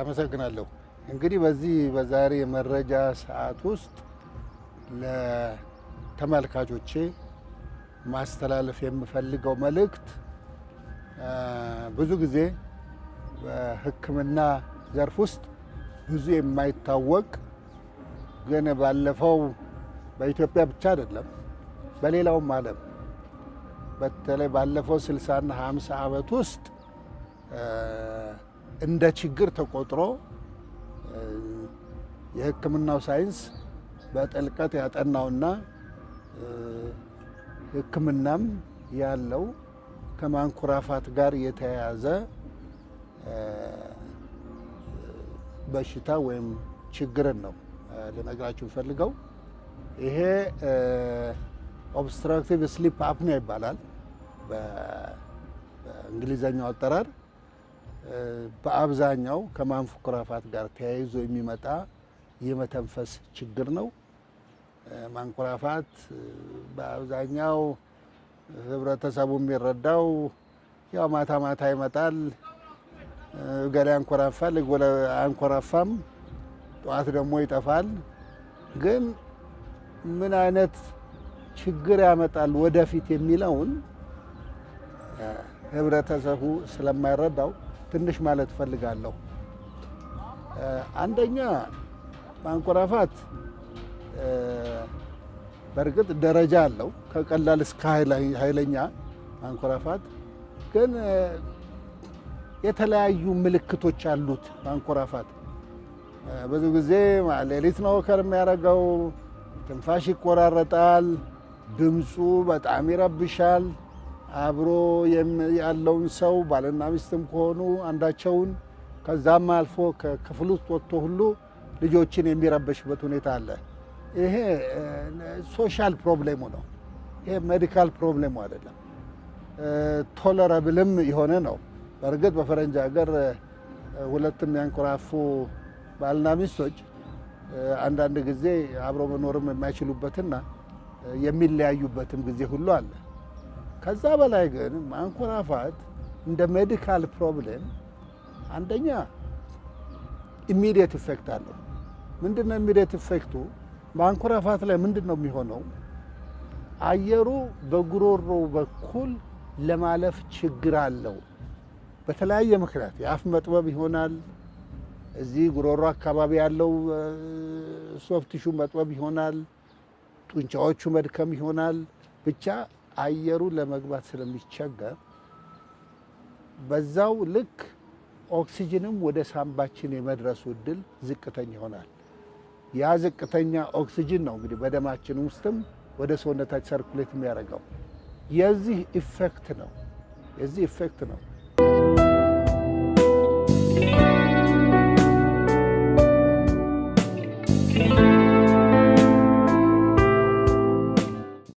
አመሰግናለሁ። እንግዲህ በዚህ በዛሬ መረጃ ሰዓት ውስጥ ለተመልካቾቼ ማስተላለፍ የምፈልገው መልእክት ብዙ ጊዜ በሕክምና ዘርፍ ውስጥ ብዙ የማይታወቅ ግን ባለፈው በኢትዮጵያ ብቻ አይደለም በሌላውም ዓለም በተለይ ባለፈው 60 እና 50 ዓመት ውስጥ እንደ ችግር ተቆጥሮ የሕክምናው ሳይንስ በጥልቀት ያጠናውና ሕክምናም ያለው ከማንኮራፋት ጋር የተያያዘ በሽታ ወይም ችግርን ነው ልነግራችሁ ፈልገው። ይሄ ኦብስትራክቲቭ ስሊፕ አፕኒያ ይባላል በእንግሊዘኛው አጠራር። በአብዛኛው ከማንኮራፋት ጋር ተያይዞ የሚመጣ የመተንፈስ ችግር ነው። ማንኮራፋት በአብዛኛው ህብረተሰቡ የሚረዳው ያው ማታ ማታ ይመጣል፣ እገሌ አንኮራፋል፣ እገሌ አንኮራፋም፣ ጠዋት ደግሞ ይጠፋል። ግን ምን አይነት ችግር ያመጣል ወደፊት የሚለውን ህብረተሰቡ ስለማይረዳው ትንሽ ማለት እፈልጋለሁ። አንደኛ ማንኮራፋት በእርግጥ ደረጃ አለው፣ ከቀላል እስከ ኃይለኛ ማንኮራፋት። ግን የተለያዩ ምልክቶች አሉት ማንኮራፋት። ብዙ ጊዜ ሌሊት ነው ወከር የሚያደርገው። ትንፋሽ ይቆራረጣል፣ ድምፁ በጣም ይረብሻል። አብሮ ያለውን ሰው ባልና ሚስትም ከሆኑ አንዳቸውን ከዛም አልፎ ከክፍል ውስጥ ወጥቶ ሁሉ ልጆችን የሚረበሽበት ሁኔታ አለ። ይሄ ሶሻል ፕሮብሌሙ ነው። ይሄ ሜዲካል ፕሮብሌሙ አይደለም። ቶለረብልም የሆነ ነው። በእርግጥ በፈረንጅ ሀገር ሁለትም ያንኮራፉ ባልና ሚስቶች አንዳንድ ጊዜ አብሮ መኖርም የማይችሉበትና የሚለያዩበትም ጊዜ ሁሉ አለ። ከዛ በላይ ግን ማንኮራፋት እንደ ሜዲካል ፕሮብሌም አንደኛ ኢሚዲየት ኢፌክት አለው። ምንድን ነው ኢሚዲየት ኢፌክቱ? ማንኮራፋት ላይ ምንድን ነው የሚሆነው? አየሩ በጉሮሮ በኩል ለማለፍ ችግር አለው። በተለያየ ምክንያት የአፍ መጥበብ ይሆናል። እዚህ ጉሮሮ አካባቢ ያለው ሶፍት ቲሹ መጥበብ ይሆናል። ጡንቻዎቹ መድከም ይሆናል። ብቻ አየሩ ለመግባት ስለሚቸገር በዛው ልክ ኦክሲጅንም ወደ ሳምባችን የመድረሱ እድል ዝቅተኛ ይሆናል። ያ ዝቅተኛ ኦክሲጅን ነው እንግዲህ በደማችን ውስጥም ወደ ሰውነታችን ሰርኩሌት የሚያደርገው የዚህ ኢፌክት ነው የዚህ ኢፌክት ነው።